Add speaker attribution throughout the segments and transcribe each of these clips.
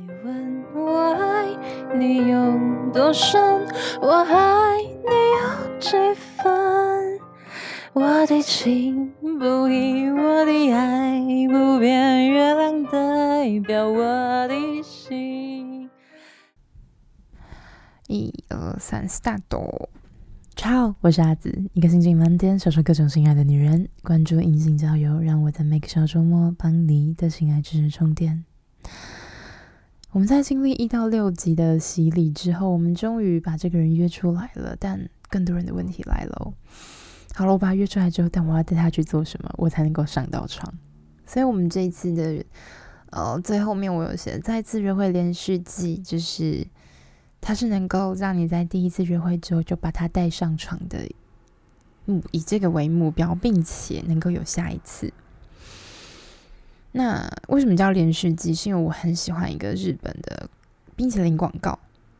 Speaker 1: 你問我愛你有多深，我愛你有幾分？我的情不移，我的愛不變，月亮代表我的心。一二三四，大朵。超，我是阿梓，一個心情滿天，享受各種性愛的女人。關注因性交遊，讓我在每個小周末幫你的性愛知識充電。我們在經歷一到六集的洗禮之後，我們終於把這個人約出來了。但更多人的問題來了。好了，我把他約出來之後，但我要帶他去做什麼，我才能夠上到床？所以，我們這一次的，呃，最後面我有寫，再次約會連續技，就是它是能夠讓你在第一次約會之後就把他帶上床的，嗯，以這個為目標，並且能夠有下一次。那為什麼叫連續技？是因為我很喜歡一個日本的冰淇淋廣告，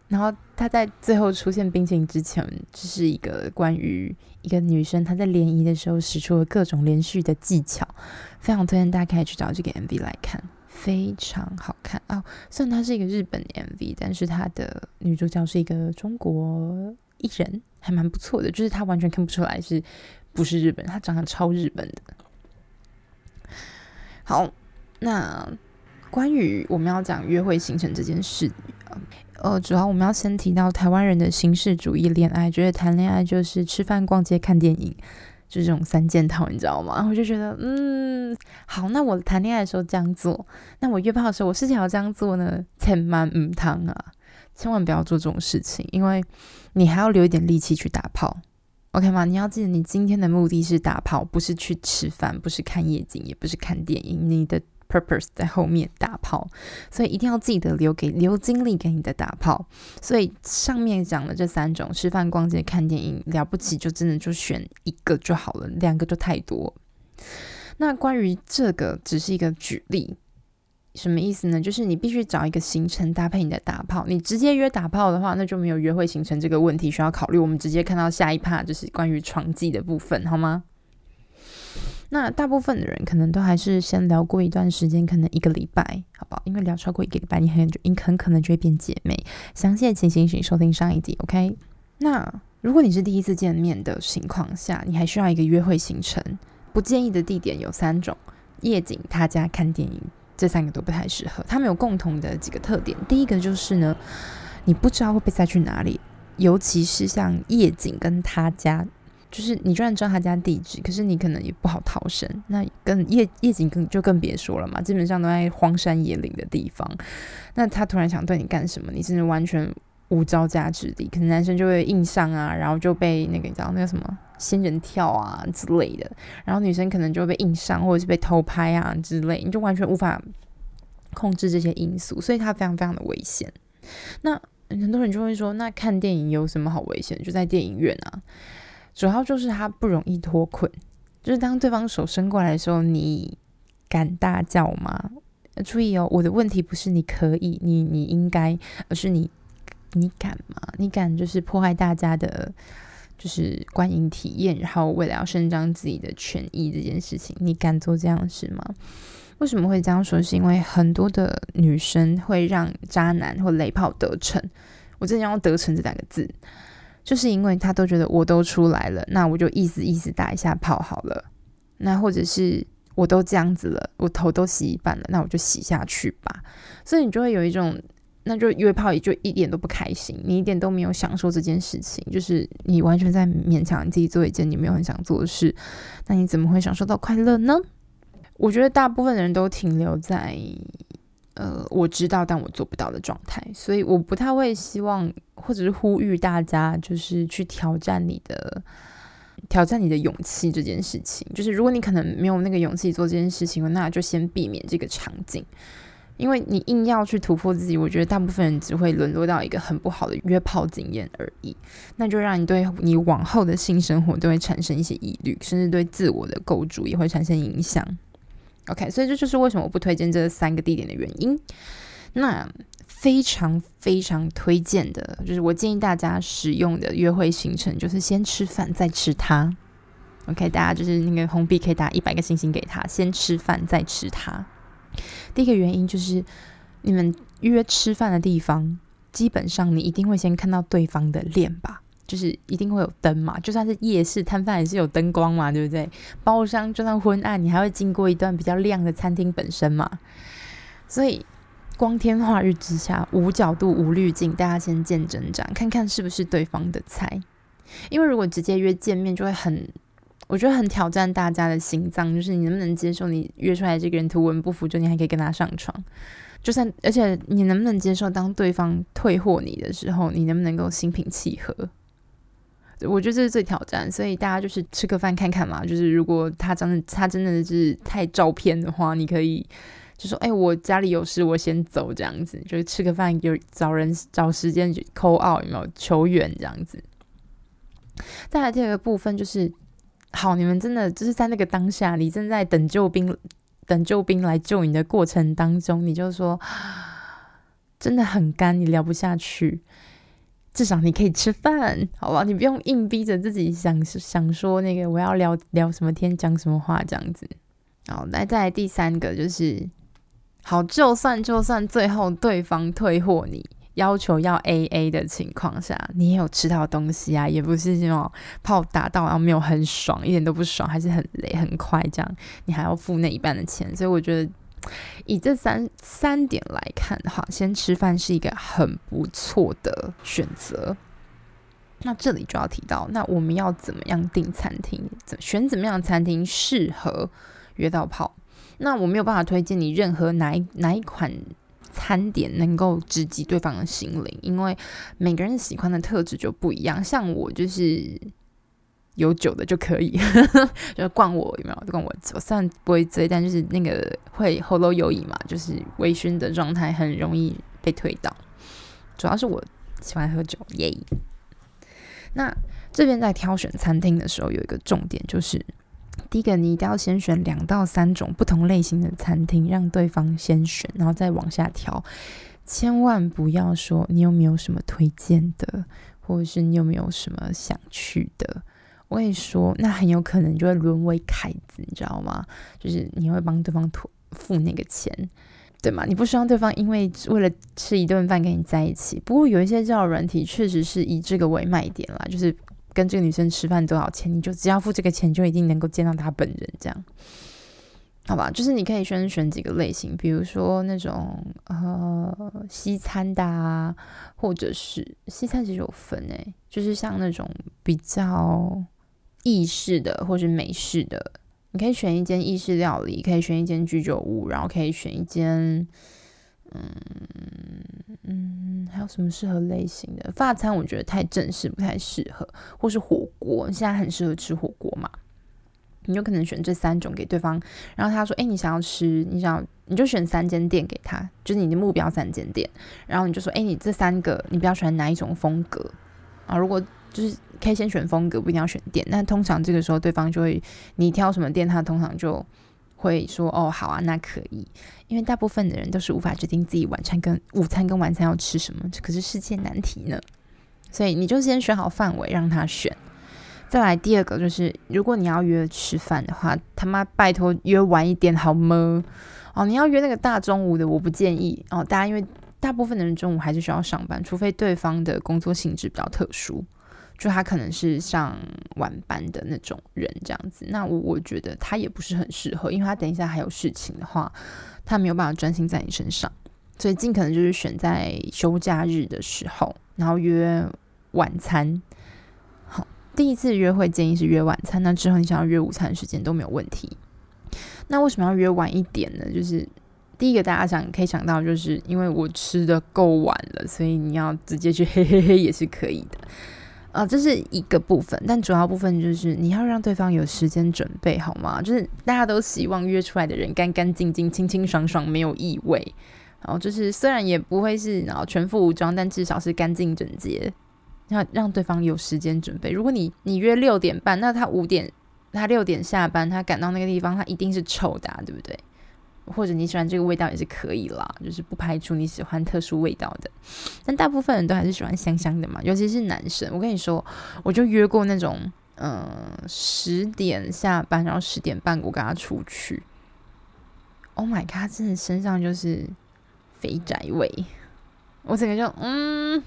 Speaker 1: 然後他在最後出現冰淇淋之前，就是一個關於一個女生她在聯誼的時候使出了各種連續的技巧，非常推薦大家可以去找這個 MV 來看，非常好看啊、哦！雖然它是一個日本 MV，但是它的女主角是一個中國藝人，還蠻不錯的，就是她完全看不出來是不是日本，她長得超日本的，好。那關於我們要講約會行程這件事，呃，主要我們要先提到台灣人的形式主義戀愛，覺得談戀愛就是吃飯、逛街、看電影，就這種三件套，你知道嗎？我就覺得，嗯，好，那我談戀愛的時候這樣做，那我約炮的時候我是不是也要這樣做呢？千萬，嗯，湯啊，千萬不要做這種事情，因為你還要留一點力氣去打炮，OK 嗎？你要記得，你今天的目的是打炮，不是去吃飯，不是看夜景，也不是看電影，你的。purpose 在後面打炮，所以一定要記得留給留精力給你的打炮。所以上面講的這三種：吃飯、逛街、看電影。了不起就真的就選一個就好了，兩個就太多。那關於這個只是一個舉例，什麼意思呢？就是你必須找一個行程搭配你的打炮。你直接約打炮的話，那就沒有約會行程這個問題需要考慮。我們直接看到下一趴，就是關於床技的部分，好嗎？那大部分的人可能都還是先聊過一段時間，可能一個禮拜，好不好？因為聊超過一個禮拜，你很就，很可能就會變姐妹。詳細的情形請收聽上一集，OK？那如果你是第一次見面的情況下，你還需要一個約會行程。不建議的地點有三種：夜景、他家、看電影，這三個都不太適合。他們有共同的幾個特點，第一個就是呢，你不知道會被帶去哪裡，尤其是像夜景跟他家。就是你居然知道他家地址，可是你可能也不好逃生。那更夜夜景更就更別說了嘛，基本上都在荒山野嶺的地方。那他突然想對你幹什麼，你甚至完全無招架之力。可能男生就會硬上啊，然後就被那個你知道那個什麼仙人跳啊之類的。然後女生可能就被硬上，或者是被偷拍啊之類的，你就完全無法控制這些因素，所以他非常非常的危險。那很多人就會說，那看電影有什麼好危險？就在電影院啊。主要就是他不容易脫困，就是當對方手伸過來的時候，你敢大叫嗎？注意哦，我的問題不是你可以，你你應該，而是你你敢嗎？你敢就是破壞大家的，就是觀影體驗，然後為了要伸張自己的權益這件事情，你敢做這樣的事嗎？為什麼會這樣說？是因為很多的女生會讓渣男或雷炮得逞，我真的要用得逞這兩個字。就是因為他都覺得我都出來了，那我就意思意思打一下炮好了。那或者是我都這樣子了，我頭都洗一半了，那我就洗下去吧。所以你就會有一種，那就約炮，也就一點都不開心，你一點都沒有享受這件事情，就是你完全在勉強你自己做一件你沒有很想做的事。那你怎麼會享受到快樂呢？我覺得大部分的人都停留在。呃，我知道，但我做不到的狀態，所以我不太會希望，或者是呼籲大家，就是去挑戰你的挑戰你的勇氣這件事情。就是如果你可能沒有那個勇氣做這件事情，那就先避免這個場景，因為你硬要去突破自己，我覺得大部分人只會淪落到一個很不好的約炮經驗而已，那就讓你對你往後的性生活都會產生一些疑慮，甚至對自我的構築也會產生影響。OK，所以這就是為什麼我不推薦這三個地點的原因。那非常非常推薦的就是我建議大家使用的約會行程，就是先吃飯再吃它。OK，大家就是那個紅筆可以打一百個星星給他，先吃飯再吃它。第一個原因就是你們約吃飯的地方，基本上你一定會先看到對方的臉吧。就是一定會有燈嘛，就算是夜市攤販也是有燈光嘛，對不對？包廂就算昏暗，你還會經過一段比較亮的餐廳本身嘛。所以光天化日之下，無角度、無濾鏡，大家先見真章，看看是不是對方的菜。因為如果直接約見面，就會很，我覺得很挑戰大家的心臟，就是你能不能接受你約出來這個人圖文不符，就你還可以跟他上床？就算，而且你能不能接受當對方退貨你的時候，你能不能夠心平氣和？我覺得這是最挑戰，所以大家就是吃個飯看看嘛。就是如果他真的他真的是太照騙的話，你可以就說：“哎、欸，我家裡有事，我先走。”這樣子，就是吃個飯就找人找時間去 call out，有沒有求援這樣子。再來第二個部分就是，好，你們真的就是在那個當下，你正在等救兵，等救兵來救你的過程當中，你就說真的很乾，你聊不下去。至少你可以吃飯，好吧？你不用硬逼着自己想想說那個我要聊聊什麼天，講什麼話這樣子。好，那再來第三個就是，好，就算就算最後對方退貨你，你要求要 A A 的情況下，你也有吃到東西啊，也不是那種炮打到，然後沒有很爽，一點都不爽，還是很累很快這樣，你還要付那一半的錢，所以我覺得。以這三三點來看，哈，先吃飯是一個很不錯的選擇。那這裡就要提到，那我們要怎麼樣訂餐廳，怎選怎麼樣的餐廳適合約到炮？那我沒有辦法推薦你任何哪一哪一款餐點能夠直擊對方的心靈，因為每個人喜歡的特質就不一樣。像我就是。有酒的就可以， 就灌我有沒有？就灌我，我雖然不會醉，但就是那個會喉嚨有癮嘛，就是微醺的狀態很容易被推倒。主要是我喜歡喝酒耶。Yeah! 那這邊在挑選餐廳的時候，有一個重點，就是第一個你一定要先選兩到三種不同類型的餐廳，讓對方先選，然後再往下挑。千萬不要說你有沒有什麼推薦的，或者是你有沒有什麼想去的。我跟你說，那很有可能就會淪為凱子，你知道嗎？就是你會幫對方托付那個錢，對嗎？你不希望對方因為為了吃一頓飯跟你在一起。不過有一些這種軟體確實是以這個為賣點啦，就是跟這個女生吃飯多少錢，你就只要付這個錢，就一定能夠見到她本人。這樣好吧？就是你可以先選幾個類型，比如說那種呃西餐的，啊，或者是西餐其實有分哎，就是像那種比較。意式的或是美式的，你可以選一間意式料理，可以選一間居酒屋，然後可以選一間，嗯嗯，還有什麼適合類型的？法餐我覺得太正式，不太適合，或是火鍋，現在很適合吃火鍋嘛？你有可能選這三種給對方，然後他說：“哎，你想要吃，你想要，你就選三間店給他，就是你的目標三間店。”然後你就說：“哎，你這三個，你比較喜歡哪一種風格啊？”如果就是可以先選風格，不一定要選店。那通常這個時候對方就會，你挑什麼店，他通常就會說，哦，好啊，那可以。因為大部分的人都是無法決定自己晚餐跟午餐跟晚餐要吃什麼，這可是世界難題呢。所以你就先選好範圍讓他選。再來第二個就是，如果你要約吃飯的話，他媽拜託約晚一點好嗎？哦，你要約那個大中午的，我不建議哦。大家因為大部分的人中午還是需要上班，除非對方的工作性質比較特殊。就他可能是上晚班的那種人，這樣子。那我我覺得他也不是很適合，因為他等一下還有事情的話，他沒有辦法專心在你身上。所以盡可能就是選在休假日的時候，然後約晚餐。好，第一次約會建議是約晚餐。那之後你想要約午餐的時間都沒有問題。那為什麼要約晚一點呢？就是第一個大家想可以想到，就是因為我吃得夠晚了，所以你要直接去嘿嘿嘿也是可以的。啊、哦，這是一個部分，但主要部分就是你要讓對方有時間準備，好嗎？就是大家都希望約出來的人乾乾淨淨、清清爽爽，沒有異味。哦，然後就是雖然也不會是全副武裝，但至少是乾淨整潔。要讓對方有時間準備。如果你你約六點半，那他五點，他六點下班，他趕到那個地方，他一定是臭的、啊，對不對？或者你喜歡這個味道也是可以啦，就是不排除你喜歡特殊味道的，但大部分人都還是喜歡香香的嘛，尤其是男生。我跟你說，我就約過那種，嗯、呃，十點下班，然後十點半我跟他出去。Oh my god！真的身上就是肥宅味，我整個就嗯，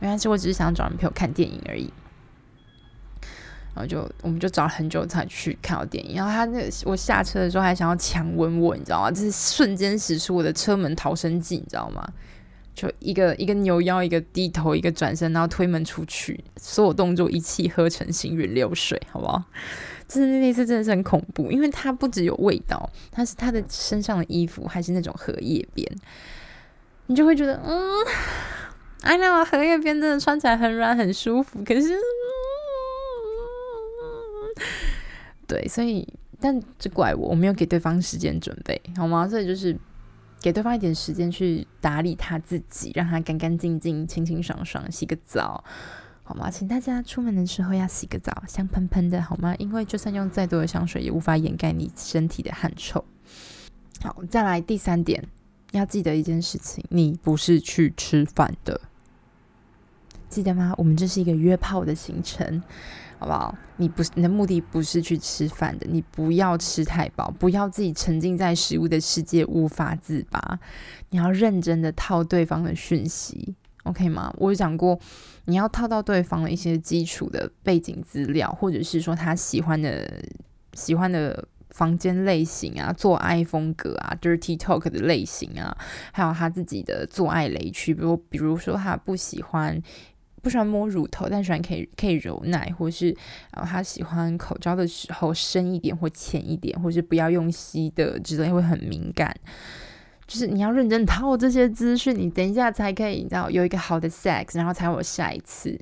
Speaker 1: 原來是我只是想找人陪我看電影而已。然後就我們就找了很久才去看到電影。然後他那個我下車的時候還想要強吻我，你知道嗎？這是瞬間使出我的車門逃生技，你知道嗎？就一個一個扭腰，一個低頭，一個轉身，然後推門出去，所有動作一氣呵成，行雲流水，好不好？就是那一次真的是很恐怖，因為他不只有味道，他是他的身上的衣服還是那種荷葉邊，你就會覺得嗯哎，呀荷葉邊真的穿起來很軟很舒服，可是。對，所以但這怪我，我沒有給對方時間準備好嗎？所以就是給對方一點時間去打理他自己，讓他乾乾淨淨、清清爽爽洗個澡，好嗎？請大家出門的時候要洗個澡，香噴噴的好嗎？因為就算用再多的香水，也無法掩蓋你身體的汗臭。好，再來第三點，要記得一件事情：你不是去吃飯的，記得嗎？我們這是一個約炮的行程。好不好？你不，你的目的不是去吃飯的。你不要吃太飽，不要自己沉浸在食物的世界無法自拔。你要認真的套對方的訊息，OK 嗎？我有講過，你要套到對方的一些基礎的背景資料，或者是說他喜歡的、喜歡的房間類型啊，做愛風格啊，dirty talk 的類型啊，還有他自己的做愛雷區，比如，比如說他不喜歡。不喜歡摸乳頭，但喜歡可以可以揉奶，或是然後、哦、他喜歡口交的時候深一點或淺一點，或是不要用吸的之類會很敏感。就是你要認真套這些資訊，你等一下才可以，你知道有一個好的 sex，然後才有下一次。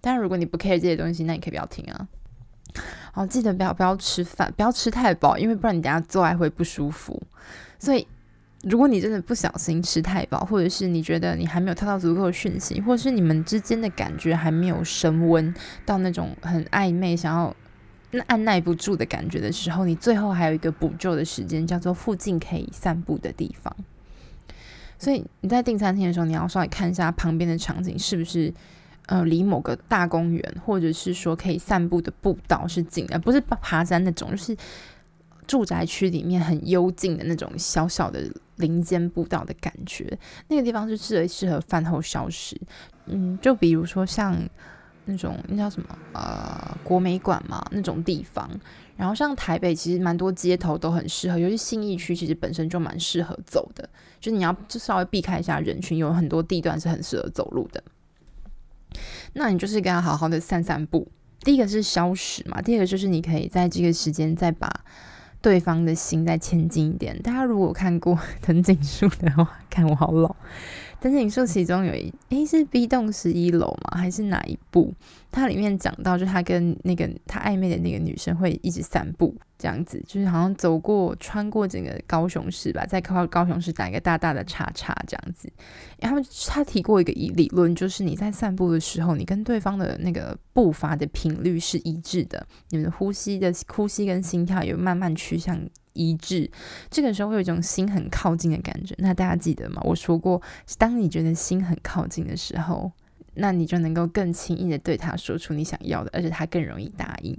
Speaker 1: 但如果你不 care 這些東西，那你可以不要聽啊。好、哦，記得不要不要吃飯，不要吃太飽，因為不然你等下做愛會不舒服。所以。如果你真的不小心吃太飽，或者是你覺得你還沒有套到足夠的訊息，或者是你們之間的感覺還沒有升溫到那種很曖昧、想要那按捺不住的感覺的時候，你最後還有一個補救的時間，叫做附近可以散步的地方。所以你在訂餐廳的時候，你要稍微看一下旁邊的場景是不是，呃，離某個大公園，或者是說可以散步的步道是近啊，而不是爬山那種，就是。住宅區裡面很幽靜的那種小小的林間步道的感覺，那個地方就適合適合飯後消食。嗯，就比如說像那種，那叫什麼，呃，國美館嘛，那種地方，然後像台北其實蠻多街頭都很適合，尤其信義區其實本身就蠻適合走的，就是你要就稍微避開一下人群，有很多地段是很適合走路的。那你就是跟他好好的散散步。第一個是消食嘛，第二個就是你可以在這個時間再把，對方的心再前進一點。大家如果看過藤井樹的話，看我好老。但是你說其中有一誒是 B 棟十一樓嗎？還是哪一部？它裡面講到就他跟那個他曖昧的那個女生會一直散步這樣子，就是好像走過穿過整個高雄市吧，在靠高雄市打一個大大的叉叉這樣子。然後他提過一個理理論，就是你在散步的時候，你跟對方的那個步伐的頻率是一致的，你們的呼吸的呼吸跟心跳有慢慢趨向。一致，這個時候會有一種心很靠近的感覺。那大家記得嗎？我說過，當你覺得心很靠近的時候，那你就能夠更輕易的對他說出你想要的，而且他更容易答應。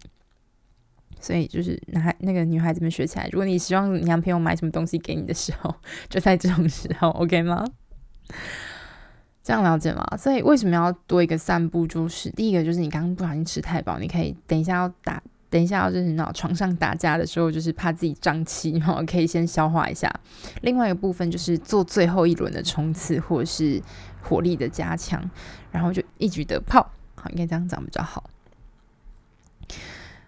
Speaker 1: 所以就是男孩、那個女孩子們學起來。如果你希望你男朋友買什麼東西給你的時候，就在這種時候，OK 嗎？這樣了解嗎？所以為什麼要多一個散步？就是第一個，就是你剛剛不小心吃太飽，你可以等一下要打。等一下，要就是那床上打架的時候，就是怕自己脹氣，然後可以先消化一下。另外一個部分就是做最後一輪的衝刺，或是火力的加強，然後就一舉得炮。好，應該這樣講比較好。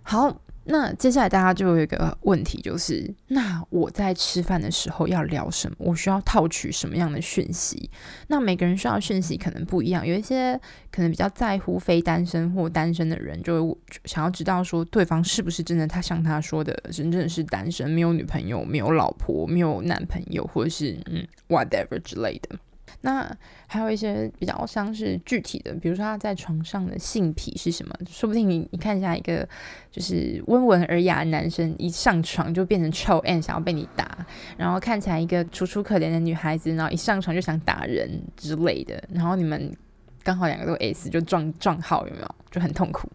Speaker 1: 好。那接下來大家就有一個問題，就是那我在吃飯的時候要聊什麼？我需要套取什麼樣的訊息？那每個人需要訊息可能不一樣，有一些可能比較在乎非單身或單身的人，就想要知道說對方是不是真的他像他說的，真正是單身，沒有女朋友，沒有老婆，沒有男朋友，或者是嗯 whatever 之類的。那還有一些比較像是具體的，比如說他在床上的性癖是什麼？說不定你你看一下一個就是溫文爾雅的男生一上床就變成臭 M 想要被你打，然後看起來一個楚楚可憐的女孩子，然後一上床就想打人之類的，然後你們剛好兩個都 S 就撞撞號有沒有？就很痛苦。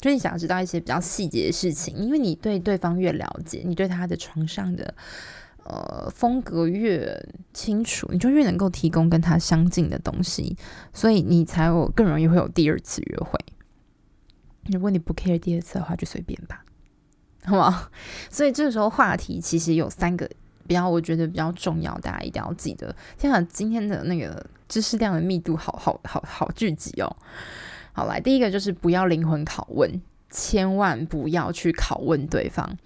Speaker 1: 所以你想要知道一些比較細節的事情，因為你對對方越了解，你對他的床上的，呃，風格越清楚，你就越能夠提供跟他相近的東西，所以你才有更容易會有第二次約會。如果你不 care 第二次的話，就隨便吧，好嗎好？所以這個時候話題其實有三個比較，我覺得比較重要，大家一定要記得。想想今天的那個知識量的密度好，好好好好聚集哦。好來，來第一個就是不要靈魂拷問，千萬不要去拷問對方。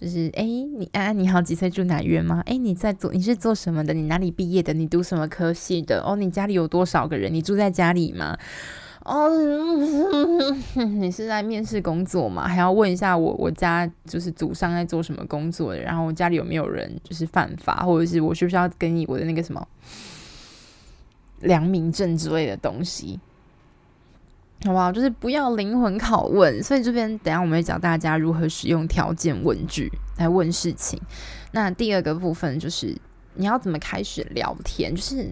Speaker 1: 就是，哎，你安安、啊，你好，幾歲住哪院嗎？哎，你在做，你是做什麼的？你哪裡畢業的？你讀什麼科系的？哦，你家裡有多少個人？你住在家裡嗎？哦，嗯、你是在面試工作嗎？還要問一下我，我家就是祖上在做什麼工作的，然後我家裡有沒有人就是犯法，或者是我需不需要跟你我的那個什麼良民證之類的東西？好不好，就是不要靈魂拷問。所以這邊等一下我們會教大家如何使用條件問句來問事情。那第二個部分就是你要怎麼開始聊天，就是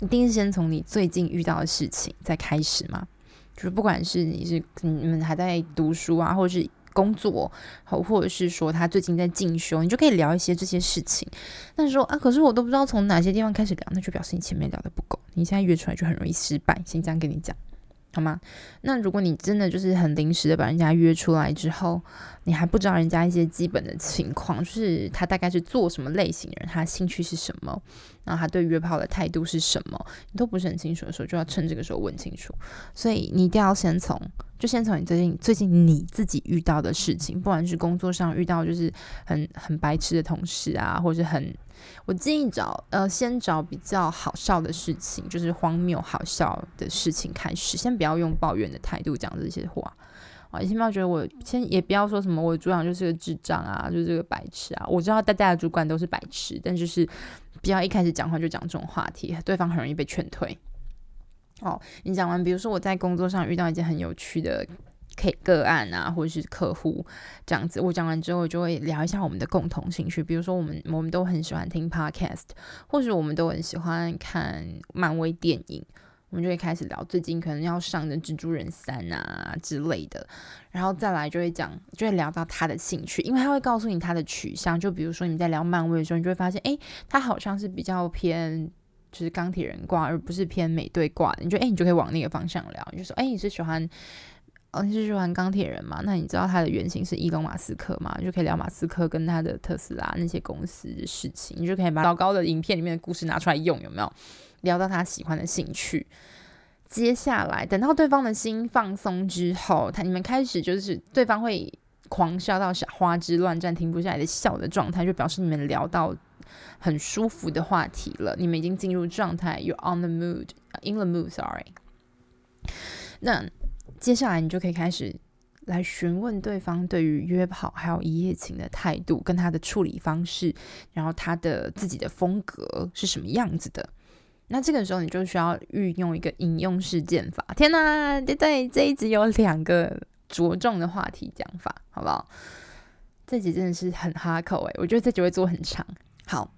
Speaker 1: 一定是先從你最近遇到的事情再開始嘛。就是不管是你是你們還在讀書啊，或者是工作，好或者是說他最近在進修，你就可以聊一些這些事情。但是說啊，可是我都不知道從哪些地方開始聊，那就表示你前面聊的不夠，你現在約出來就很容易失敗。先這樣跟你講。好嗎？那如果你真的就是很臨時的把人家約出來之後，你還不知道人家一些基本的情況，就是他大概是做什麼類型的人，他的興趣是什麼？然後、啊、他對約炮的態度是什麼？你都不是很清楚的時候，就要趁這個時候問清楚。所以你一定要先從，就先從你最近最近你自己遇到的事情，不管是工作上遇到就是很很白痴的同事啊，或是很，我建議找呃先找比較好笑的事情，就是荒謬好笑的事情開始。先不要用抱怨的態度講這些話啊，你先不要覺得我先也不要說什麼我的主管就是個智障啊，就是個白痴啊。我知道大家的主管都是白痴，但就是。只要一開始講話就講這種話題，對方很容易被勸退。哦，你講完，比如說我在工作上遇到一件很有趣的 K 個案啊，或者是客戶這樣子，我講完之後，就會聊一下我們的共同興趣，比如說我們我們都很喜歡聽 Podcast，或者我們都很喜歡看漫威電影。我們就會開始聊最近可能要上的《蜘蛛人三》啊之類的，然後再來就會講，就會聊到他的興趣，因為他會告訴你他的取向。就比如說你在聊漫威的時候，你就會發現，哎，他好像是比較偏就是鋼鐵人掛，而不是偏美隊掛。你覺得，哎，你就可以往那個方向聊。你就說，哎，你是喜歡、哦，你是喜歡鋼鐵人嘛？那你知道他的原型是伊隆馬斯克嘛？你就可以聊馬斯克跟他的特斯拉那些公司的事情。你就可以把老高的影片裡面的故事拿出來用，有沒有？聊到他喜歡的興趣，接下來等到對方的心放鬆之後，他你們開始就是對方會狂笑到是花枝亂顫、停不下來的笑的狀態，就表示你們聊到很舒服的話題了。你們已經進入狀態，you're on the mood, in the mood, sorry。那接下來你就可以開始來詢問對方對於約炮還有一夜情的態度跟他的處理方式，然後他的自己的風格是什麼樣子的。那這個時候你就需要運用一個引用事件法。天哪，對對，這一集有兩個着重的話題講法，好不好？這集真的是很哈口誒，我覺得這集會做很長。好，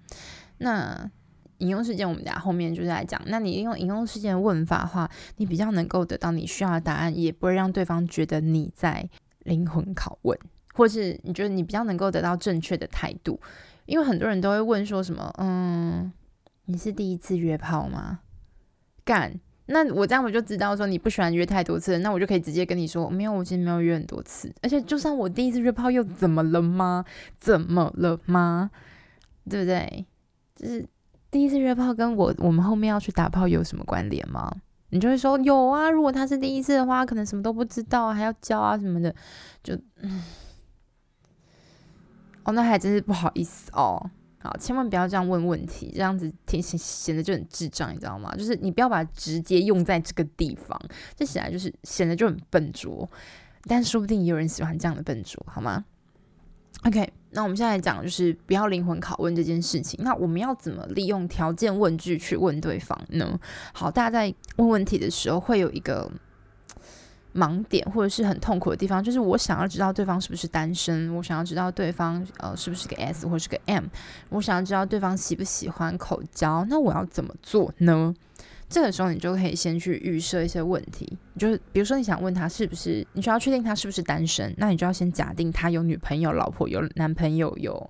Speaker 1: 那引用事件我們等一下後面就是來講。那你用引用事件問法的話，你比較能夠得到你需要的答案，也不會讓對方覺得你在靈魂拷問，或是你覺得你比較能夠得到正確的態度。因為很多人都會問說什麼，嗯。你是第一次約炮嗎？幹！那我這樣我就知道說你不喜歡約太多次，那我就可以直接跟你說，沒有，我今天沒有約很多次。而且就算我第一次約炮，又怎麼了嗎？怎麼了嗎？對不對？就是第一次約炮跟我我們後面要去打炮有什麼關聯嗎？你就會說有啊。如果他是第一次的話，可能什麼都不知道，還要教啊什麼的，就嗯，哦，那還真是不好意思哦。好，千萬不要這樣問問題，這樣子挺顯顯得就很智障，你知道嗎？就是你不要把直接用在這個地方，這顯然就是顯得就很笨拙。但說不定也有人喜歡這樣的笨拙，好嗎？OK，那我們現在講就是不要靈魂拷問這件事情。那我們要怎麼利用條件問句去問對方呢？好，大家在問問題的時候會有一個。盲點或者是很痛苦的地方，就是我想要知道對方是不是單身，我想要知道對方呃是不是個 S 或者是個 M，我想要知道對方喜不喜歡口交，那我要怎麼做呢？這個時候你就可以先去預設一些問題，就是比如說你想問他是不是，你需要確定他是不是單身，那你就要先假定他有女朋友、老婆、有男朋友、有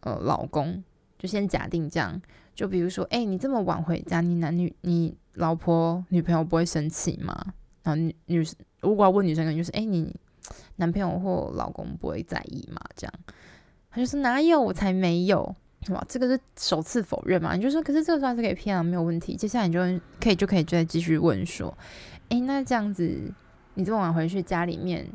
Speaker 1: 呃老公，就先假定這樣，就比如說誒、欸，你這麼晚回家，你男女你老婆女朋友不會生氣嗎？然後女女，我女，生女生，如果要問女生，可能就是哎，你男朋友或老公不會在意嘛？這樣，她就說哪有，我才沒有。哇。這個是首次否認嘛？你就說，可是這個算是給騙了、啊，沒有問題。接下來你就可以，就可以再繼續問說，哎，那這樣子，你這麼晚回去，家裡面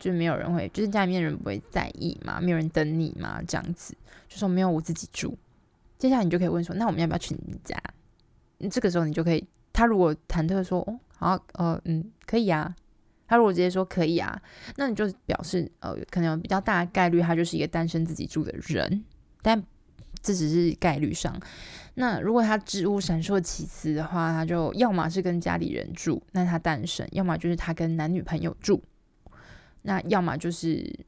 Speaker 1: 就沒有人會，就是家裡面人不會在意嘛？沒有人等你嘛？這樣子，就說沒有，我自己住。接下來你就可以問說，那我們要不要去你家？這個時候你就可以，他如果忐忑說，哦。好，呃，嗯，可以啊。他如果直接說可以啊，那你就表示，呃，可能有比較大概率他就是一個單身自己住的人，但這只是概率上。那如果他支吾閃爍其詞的話，他就要麼是跟家裡人住，那他單身；要麼就是他跟男女朋友住；那要麼就是。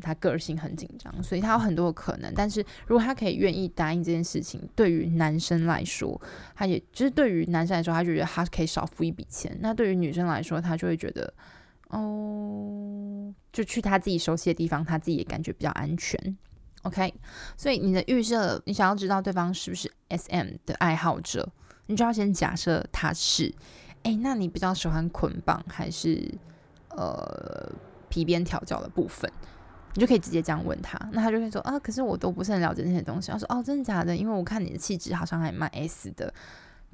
Speaker 1: 他個性很緊張，所以他有很多可能。但是如果他可以願意答應這件事情，對於男生來說，他也就是對於男生來說，他就覺得他可以少付一筆錢。那對於女生來說，他就會覺得哦，就去他自己熟悉的地方，他自己也感覺比較安全。OK，所以你的預設，你想要知道對方是不是 SM 的愛好者，你就要先假設他是。誒，那你比較喜歡捆綁還是呃皮鞭調教的部分？你就可以直接這樣問他，那他就會說啊，可是我都不是很了解那些東西。他說哦，真的假的？因為我看你的氣質好像還蠻 S 的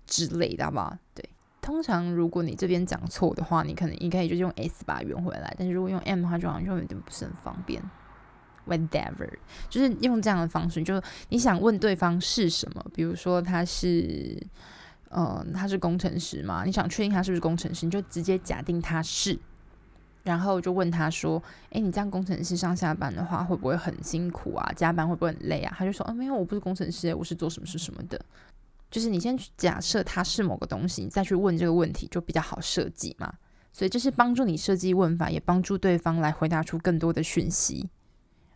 Speaker 1: 之類的吧。對，通常如果你這邊講錯的話，你可能應該也就是用 S 把它圓回來。但是如果用 M 的話，就好像就有點不是很方便。Whatever，就是用這樣的方式，就是你想問對方是什麼，比如說他是嗯、呃，他是工程師嗎？你想確定他是不是工程師，你就直接假定他是。然後就問他說：“誒，你這樣工程師上下班的話，會不會很辛苦啊？加班會不會很累啊？”他就說：“嗯，因為我不是工程師，我是做什麼是什麼的。”就是你先去假設他是某個東西，你再去問這個問題，就比較好設計嘛。所以這是幫助你設計問法，也幫助對方來回答出更多的訊息，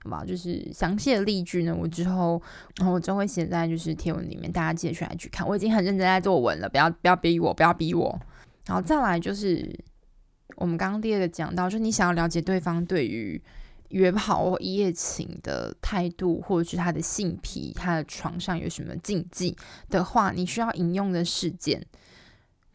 Speaker 1: 好吧，就是詳細的例句呢，我之後然後我就會寫在就是貼文裡面，大家記得來去看。我已經很認真在作文了，不要不要逼我，不要逼我。然後再來就是，我們剛剛第二個講到，就是你想要了解對方對於約炮或一夜情的態度，或者是他的性癖，他的床上有什麼禁忌的話，你需要引用的事件，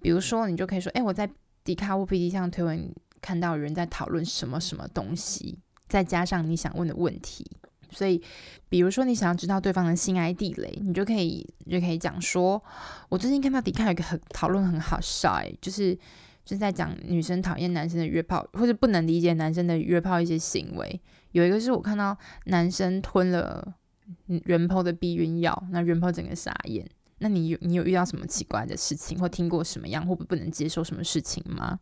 Speaker 1: 比如說你就可以說：“誒，我在迪卡烏 P D 上推文看到有人在討論什麼什麼東西。”再加上你想問的問題，所以比如說你想要知道對方的性愛地雷，你就可以你就可以講說：“我最近看到迪卡有個很討論很好笑，就是。”就在講女生討厭男生的約炮，或者不能理解男生的約炮一些行為。有一個是我看到男生吞了人炮的避孕藥，那人炮整個傻眼。那你有你有遇到什麼奇怪的事情，或聽過什麼樣，或不，不能接受什麼事情嗎？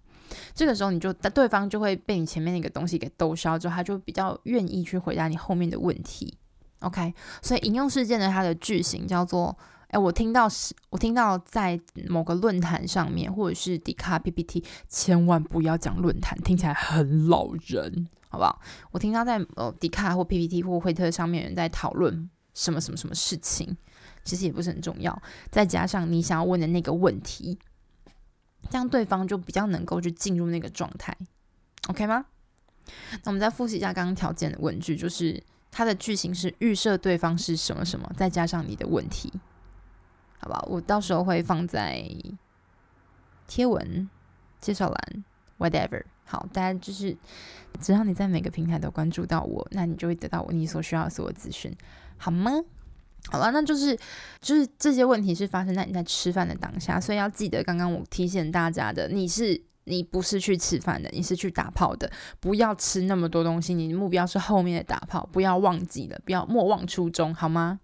Speaker 1: 這個時候你就，但對方就會被你前面那個東西給逗笑，之後他就比較願意去回答你後面的問題。OK，所以引用事件的它的句型叫做。哎，我聽到是，我聽到在某個論壇上面，或者是迪卡 PPT，千萬不要講論壇，聽起來很老人，好不好？我聽到在呃迪卡或 PPT 或會特上面有人在討論什麼什麼什麼事情，其實也不是很重要。再加上你想要問的那個問題，這樣對方就比較能夠去進入那個狀態，OK 嗎？那我們再復習一下剛剛條件的問句，就是它的句型是預設對方是什麼什麼，再加上你的問題。好吧，我到時候會放在貼文介紹欄，whatever。好，大家就是只要你在每個平台都關注到我，那你就會得到我你所需要的所有資訊，好嗎？好了，那就是就是這些問題是發生在你在吃飯的當下，所以要記得剛剛我提醒大家的，你是你不是去吃飯的，你是去打炮的，不要吃那麼多東西，你的目標是後面的打炮，不要忘記了，不要莫忘初衷，好嗎？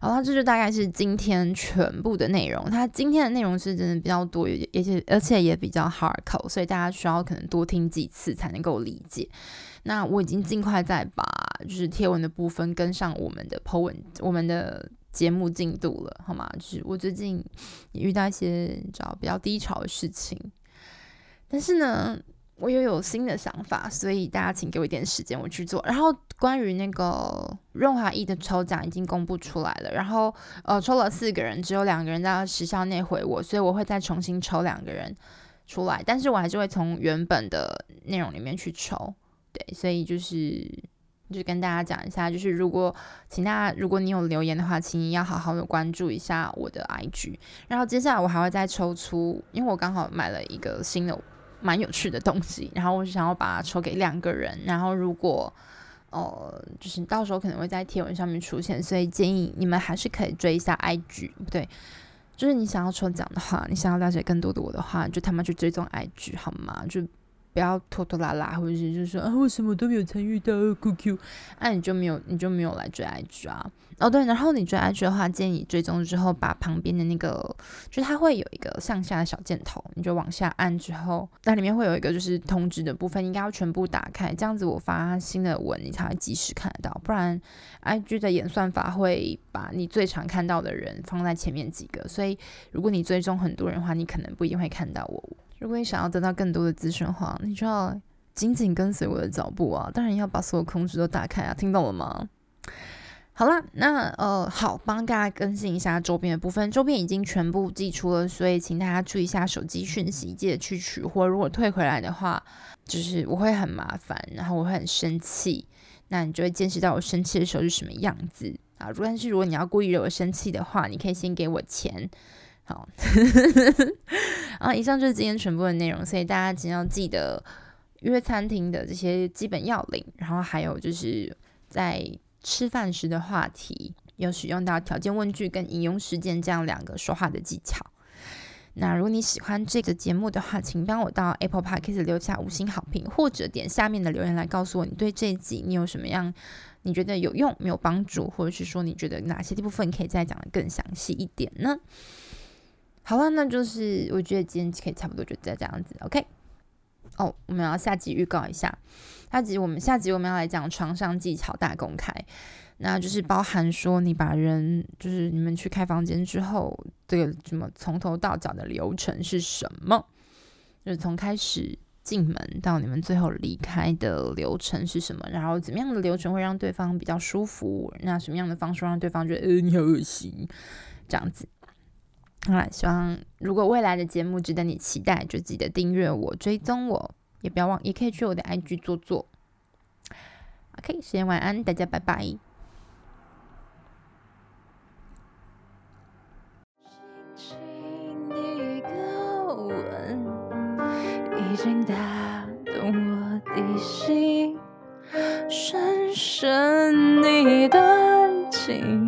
Speaker 1: 然後，這就大概是今天全部的內容。它今天的內容是真的比較多，而且而且也比較 hardcore，所以大家需要可能多聽幾次才能夠理解。那我已經盡快再把就是貼文的部分跟上我們的 po 文，我們的節目進度了，好嗎？就是我最近也遇到一些比較低潮的事情，但是呢，我又有新的想法，所以大家請給我一點時間，我去做。然後關於那個潤滑液的抽獎已經公布出來了，然後呃抽了四個人，只有兩個人在時效內回我，所以我會再重新抽兩個人出來，但是我還是會從原本的內容裡面去抽。對，所以就是就跟大家講一下，就是如果請大家，如果你有留言的話，請你要好好的關注一下我的 IG。然後接下來我還會再抽出，因為我剛好買了一個新的。蠻有趣的東西，然後我就想要把它抽給兩個人。然後如果呃，就是到時候可能會在貼文上面出現，所以建議你們還是可以追一下 IG，對，就是你想要抽獎的話，你想要了解更多的我的話，就他媽去追蹤 IG 好嗎？就。不要拖拖拉拉，或者是就是說啊，我什麼都沒有參與到 QQ，那、啊、你就沒有，你就沒有來追 IG 啊。哦，對，然後你追 IG 的話，建議你追蹤之後把旁邊的那個，就是，它會有一個向下的小箭頭，你就往下按之後，那裡面會有一個就是通知的部分，應該要全部打開，這樣子我發新的文你才會及時看得到。不然 IG 的演算法會把你最常看到的人放在前面幾個，所以如果你追蹤很多人的話，你可能不一定會看到我。如果你想要得到更多的資訊的話，你就要緊緊跟隨我的腳步啊！當然要把所有控制都打開啊，聽懂了嗎？好啦，那呃，好，幫大家更新一下周邊的部分，周邊已經全部寄出了，所以請大家注意一下手機訊息，記得去取貨。如果退回來的話，就是我會很麻煩，然後我會很生氣。那你就會見識到我生氣的時候是什麼樣子啊！但是如果你要故意惹我生氣的話，你可以先給我錢。 好，然後以上就是今天全部的內容，所以大家只要記得約餐廳的這些基本要領，然後還有就是在吃飯時的話題，要使用到條件問句跟引用事件這樣兩個說話的技巧。那如果你喜歡這個節目的話，請幫我到 Apple Podcast 留下五星好評，或者點下面的留言來告訴我你對這一集你有什麼樣你覺得有用沒有幫助，或者是說你覺得哪些部分你可以再講的更詳細一點呢？好了，那就是我覺得今天可以差不多就在這樣子，OK。哦，我們要下集預告一下，下集我們下集我們要來講床上技巧大公開，那就是包含說你把人就是你們去開房間之後，這個什麼從頭到腳的流程是什麼？就是從開始進門到你們最後離開的流程是什麼？然後怎麼樣的流程會讓對方比較舒服？那什麼樣的方式讓對方覺得呃、欸、你好噁心？這樣子。好啦，希望如果未來的節目值得你期待，就記得訂閱我、追蹤我，也不要忘，也可以去我的 IG 做做。OK，先晚安，大家拜拜。輕輕的一個吻，已經打動我的心，深深的一段情。